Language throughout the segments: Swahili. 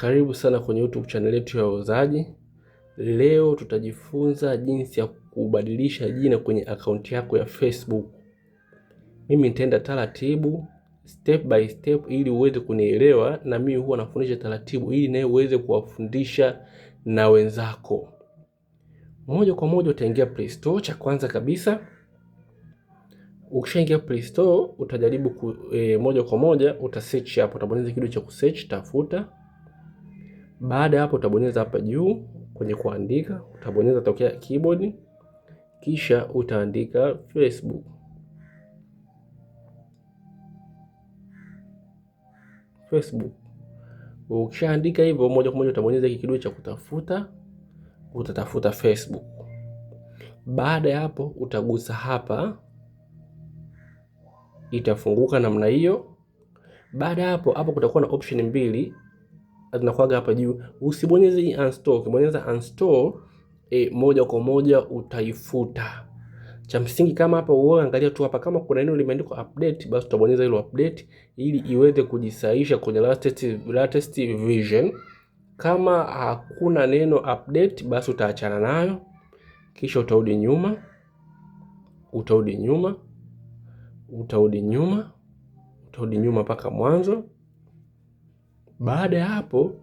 Karibu sana kwenye YouTube channel yetu ya Wauzaji. Leo tutajifunza jinsi ya kubadilisha jina kwenye akaunti yako ya Facebook. Mimi nitaenda taratibu, step by step, ili uweze kunielewa, na mimi huwa nafundisha taratibu ili naye uweze kuwafundisha na wenzako. Moja kwa moja utaingia Play Store, cha kwanza kabisa Ukishaingia Play Store utajaribu ku, e, moja kwa moja utasearch hapo, utabonyeza kidogo cha kusearch, tafuta baada ya hapo utabonyeza hapa juu kwenye kuandika, utabonyeza tokea keyboard, kisha utaandika Facebook. Facebook. Ukishaandika hivyo moja kwa moja utabonyeza hiki kidude cha kutafuta, utatafuta Facebook. Baada ya hapo utagusa hapa, itafunguka namna hiyo. Baada ya hapo, hapo kutakuwa na option mbili zinakuwaga hapa juu. Usibonyeze hii uninstall, ukibonyeza uninstall e, moja kwa moja utaifuta. Cha msingi kama hapa uone, angalia tu hapa kama kuna neno limeandikwa update, basi utabonyeza hilo update ili iweze kujisahisha kwenye latest, latest version. Kama hakuna neno update, basi utaachana nayo, kisha utarudi nyuma, utarudi nyuma, utarudi nyuma, utarudi nyuma mpaka mwanzo. Baada ya hapo,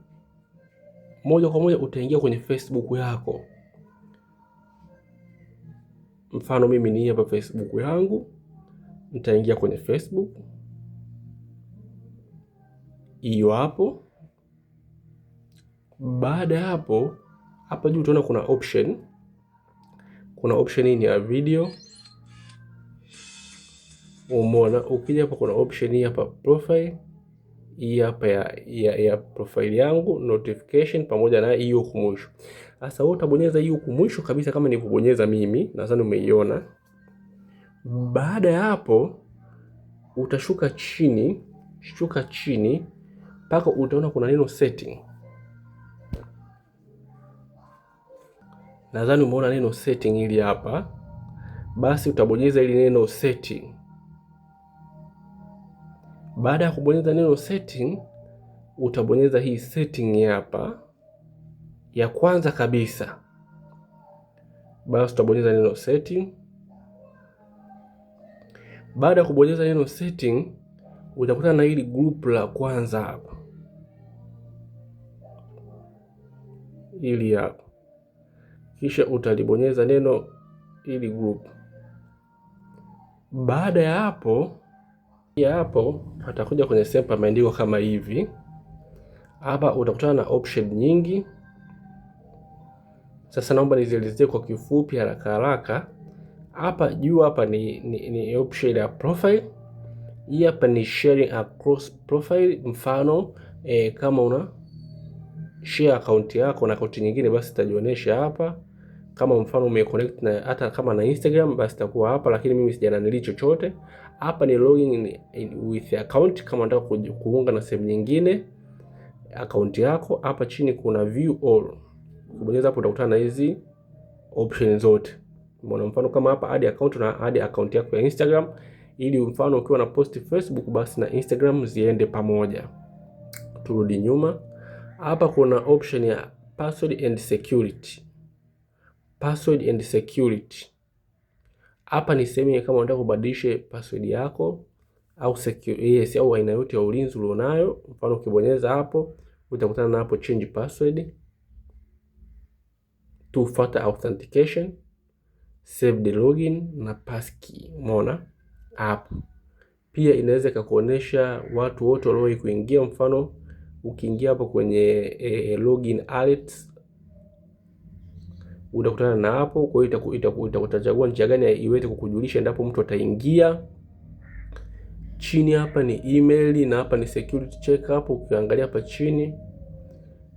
moja kwa moja utaingia kwenye Facebook yako. Mfano mimi ni hapa Facebook yangu, nitaingia kwenye Facebook hiyo hapo. Baada ya hapo, hapa juu utaona kuna option, kuna option hii ni ya video Umeona, ukija hapa kuna option hii hapa profile hii hapa ya, ya, ya profile yangu notification pamoja na hii huku mwisho. Sasa wewe utabonyeza hii huku mwisho kabisa kama nilivyobonyeza mimi, nadhani umeiona. Baada ya hapo utashuka chini, shuka chini mpaka utaona kuna neno setting. Nadhani umeona neno setting hili hapa, basi utabonyeza ili neno setting. Baada ya kubonyeza neno setting, utabonyeza hii setting hapa ya kwanza kabisa, basi utabonyeza neno setting. Baada ya kubonyeza neno setting, utakutana na hili group la kwanza hapa, hili hapa, kisha utalibonyeza neno hili group. Baada ya hapo pia hapo atakuja kwenye sehemu maandiko kama hivi hapa, utakutana na option nyingi. Sasa naomba nizielezee kwa kifupi haraka haraka. Hapa juu hapa ni, ni, ni option ya profile. Hii hapa ni sharing across profile, mfano e, kama una share account yako na account nyingine basi itajionyesha hapa. Kama mfano umeconnect na hata kama na Instagram basi itakuwa hapa, lakini mimi sijananili chochote. Hapa ni login with account, kama unataka kuunga na sehemu nyingine akaunti yako. Hapa chini kuna view all, ukibonyeza hapo utakutana na hizi option zote. Mbona mfano kama hapa add account na add account yako ya Instagram, ili mfano ukiwa na post Facebook basi na Instagram ziende pamoja. Turudi nyuma, hapa kuna option ya password and security, password and security hapa ni sehemu ya kama unataka kubadilisha password yako au security, eh, yes, au aina yote ya ulinzi ulionayo. Mfano ukibonyeza hapo utakutana na hapo change password, two factor authentication, save the login na passkey. Umeona hapo pia inaweza ikakuonesha watu wote waliowahi kuingia. Mfano ukiingia hapo kwenye e, e, login alerts utakutana na hapo. Kwa hiyo itachagua njia gani iweze kukujulisha endapo mtu ataingia. Chini hapa ni email na hapa ni security check. Hapo ukiangalia hapa chini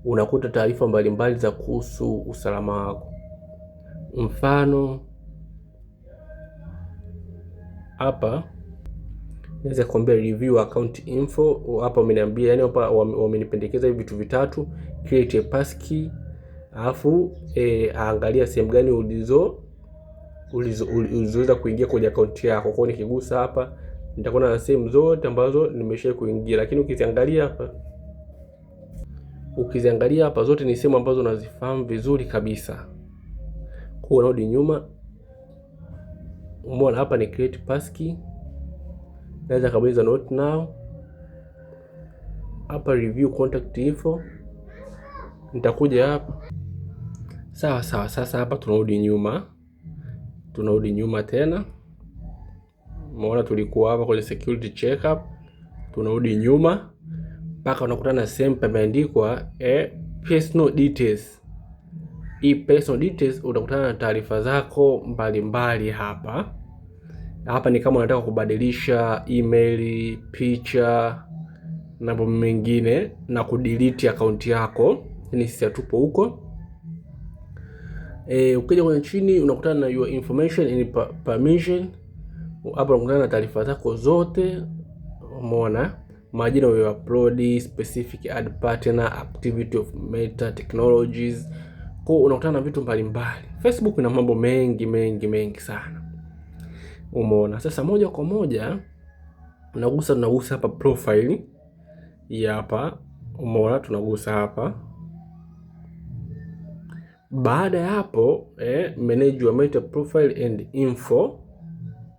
unakuta taarifa mbalimbali za kuhusu usalama wako, mfano hapa naweza kuambia review account info. Hapa wameniambia yani, hapa wamenipendekeza hivi vitu vitatu: create a passkey alafu e, aangalia sehemu gani ulizo ulizoweza kuingia kwenye akaunti yako. Kwa nikigusa hapa nitakuwa na sehemu zote ambazo nimesha kuingia, lakini ukiziangalia hapa ukiziangalia hapa zote ni sehemu ambazo unazifahamu vizuri kabisa. Kwa unarudi nyuma, umeona hapa ni create passkey, naweza kabisa not now hapa, review contact info, nitakuja hapa Sawa sawa, sasa hapa tunarudi nyuma, tunarudi nyuma tena. Umeona tulikuwa hapa kwenye security checkup, tunarudi nyuma mpaka unakutana na sehemu pameandikwa eh, personal details. Hii personal details utakutana na taarifa zako mbalimbali mbali hapa hapa ni kama unataka kubadilisha email, picha na mambo mengine na kudelete akaunti yako, lakini sisi hatupo huko. E, ukija kwenye chini unakutana na your information and permission. Hapa unakutana na taarifa zako zote, umeona majina uliyo upload, specific ad partner, activity of meta technologies. Kwa unakutana na vitu mbalimbali. Facebook ina mambo mengi mengi mengi sana, umeona. Sasa moja kwa moja unagusa tunagusa hapa profile hii hapa, umeona tunagusa hapa baada ya hapo eh, manage your meta profile and info.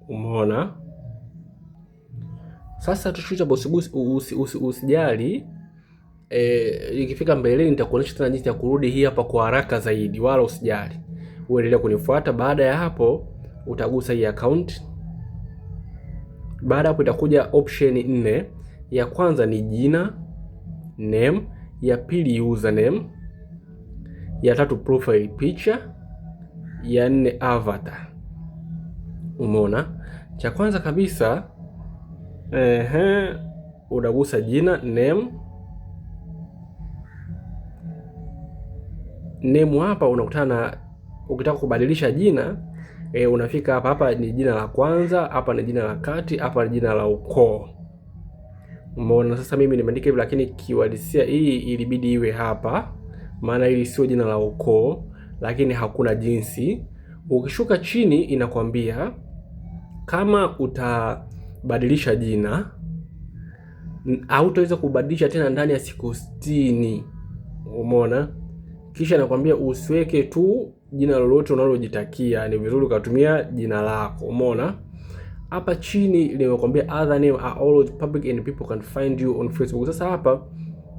Umeona sasa, tushuta bosi bosi, usijali eh, ikifika mbeleni nitakuonesha tena jinsi ya kurudi hii hapa kwa haraka zaidi, wala usijali, uendelee kunifuata. Baada ya hapo utagusa hii account. Baada hapo itakuja option nne. Ya kwanza ni jina name, ya pili username ya tatu profile picture, ya nne avatar. Umeona, cha kwanza kabisa ehe, unagusa jina name. Name hapa unakutana, ukitaka kubadilisha jina e, unafika hapa. Hapa ni jina la kwanza, hapa ni jina la kati, hapa ni jina la ukoo. Umeona, sasa mimi nimeandika hivi, lakini kiuhalisia hii ilibidi iwe hapa maana hili sio jina la ukoo, lakini hakuna jinsi. Ukishuka chini inakwambia kama utabadilisha jina hautaweza kubadilisha tena ndani ya siku sitini. Umeona? Kisha nakwambia usiweke tu jina lolote unalojitakia, ni vizuri ukatumia jina lako. Umeona? Hapa chini nimekwambia other name are always public and people can find you on Facebook. Sasa hapa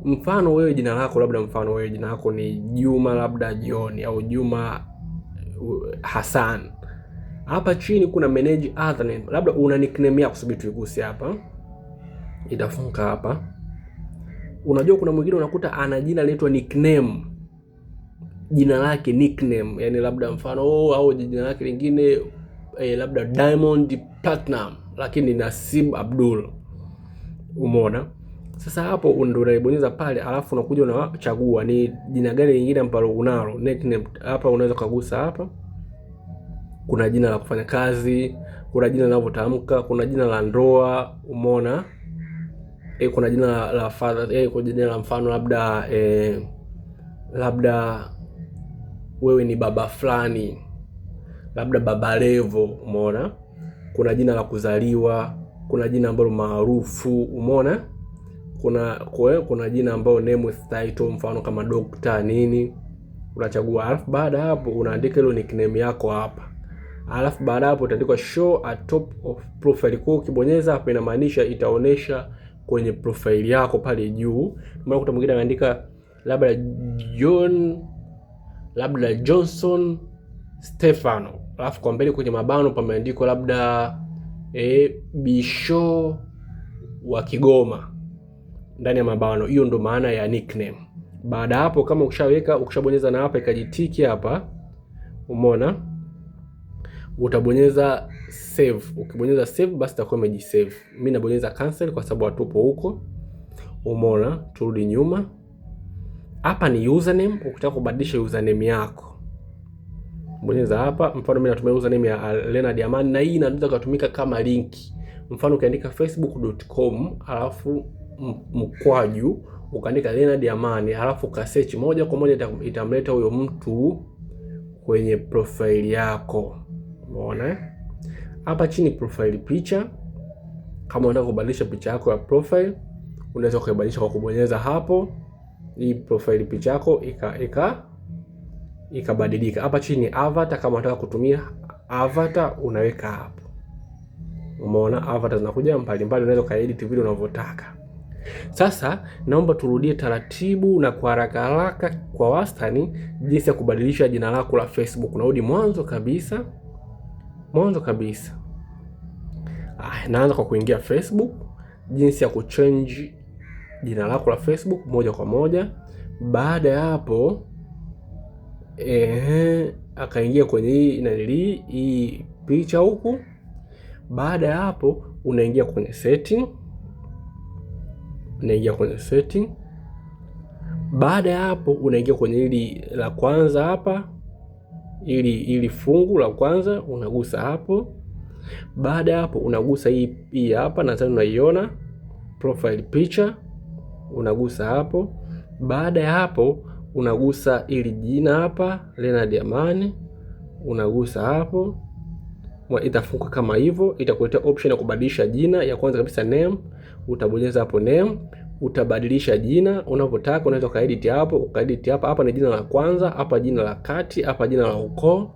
mfano wewe jina lako labda, mfano wewe jina lako ni Juma labda John au Juma uh, Hassan, hapa chini kuna manage other name, labda una nickname yako. Subiri tuiguse hapa, itafunga hapa. Unajua kuna mwingine unakuta ana jina linaitwa nickname, jina lake nickname, yani labda mfano oh, au jina lake lingine eh, labda Diamond Platinum, lakini Nasib Abdul, umeona sasa hapo ndio unaibonyeza pale, alafu unakuja unachagua ni jina gani lingine ambalo unalo nickname. Hapa unaweza kugusa hapa, kuna jina la kufanya kazi, kuna jina linavyotamka, kuna jina la ndoa, umeona e, kuna jina la father e, kuna jina la mfano labda e, labda wewe ni baba fulani, labda baba Levo, umeona. Kuna jina la kuzaliwa, kuna jina ambalo maarufu, umeona kuna kwe, kuna jina ambayo name with title, mfano kama doctor nini, unachagua alafu baada hapo unaandika ile nickname yako hapa, alafu baada hapo utaandika show at top of profile. Kwa ukibonyeza hapo inamaanisha itaonesha kwenye profile yako pale juu. Maana kuna mwingine anaandika labda John labda Johnson Stefano, alafu kwa mbele kwenye mabano pameandikwa labda e, Bisho wa Kigoma ndani ya mabano. Hiyo ndo maana ya nickname. Baada hapo, kama ukishaweka ukishabonyeza na hapa ikajitiki hapa, umeona, utabonyeza save. Ukibonyeza save, basi itakuwa imejisave. Mimi nabonyeza cancel kwa sababu hatupo huko, umeona. Turudi nyuma, hapa ni username. Ukitaka kubadilisha username yako bonyeza hapa. Mfano mimi natumia username ya Leonard Amani, na hii inaweza kutumika kama linki. Mfano ukiandika facebook.com alafu mkwaju ukaandika Leonard Amani halafu ukasearch moja kwa moja itamleta huyo mtu kwenye profile yako. Umeona eh? hapa chini profile picha. Kama unataka kubadilisha picha yako ya profile, unaweza kuibadilisha kwa kubonyeza hapo, hii profile picha yako ika ika ikabadilika. Hapa chini avatar, kama unataka kutumia avatar unaweka hapo. Umeona avatar zinakuja mbalimbali, unaweza ukaedit vile unavyotaka. Sasa naomba turudie taratibu na kwa haraka haraka, kwa wastani, jinsi ya kubadilisha jina lako la Facebook. narudi mwanzo kabisa, mwanzo kabisa. Ah, naanza kwa kuingia Facebook, jinsi ya kuchange jina lako la Facebook moja kwa moja. Baada ya hapo eh, akaingia kwenye hii nanili hii picha huku. Baada ya hapo unaingia kwenye setting unaingia kwenye setting. Baada ya hapo, unaingia kwenye hili la kwanza hapa, ili ili fungu la kwanza unagusa hapo. Baada ya hapo, unagusa hii hii hapa, nadhani unaiona profile picture, unagusa hapo. Baada ya hapo, unagusa ili jina hapa, Leonard Amani, unagusa hapo, itafunguka kama hivyo, itakuletea option ya kubadilisha jina. Ya kwanza kabisa name utabonyeza hapo name, utabadilisha jina unavyotaka. Unaweza ukaedit hapo ukaedit hapa. Hapa ni jina la kwanza, hapa jina la kati, hapa jina la ukoo.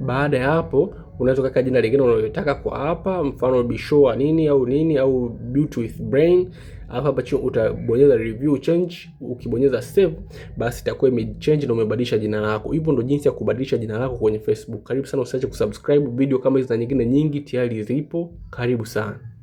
Baada ya hapo unaweza kuweka jina lingine unalotaka kwa hapa, mfano Bishoa nini au nini au Beauty with Brain. Alafu hapa chini utabonyeza review change. Ukibonyeza save, basi itakuwa ime change na umebadilisha jina lako. Hivyo ndo jinsi ya kubadilisha jina lako kwenye Facebook. Karibu sana, usiache kusubscribe. Video kama hizi na nyingine nyingi tayari zipo. Karibu sana.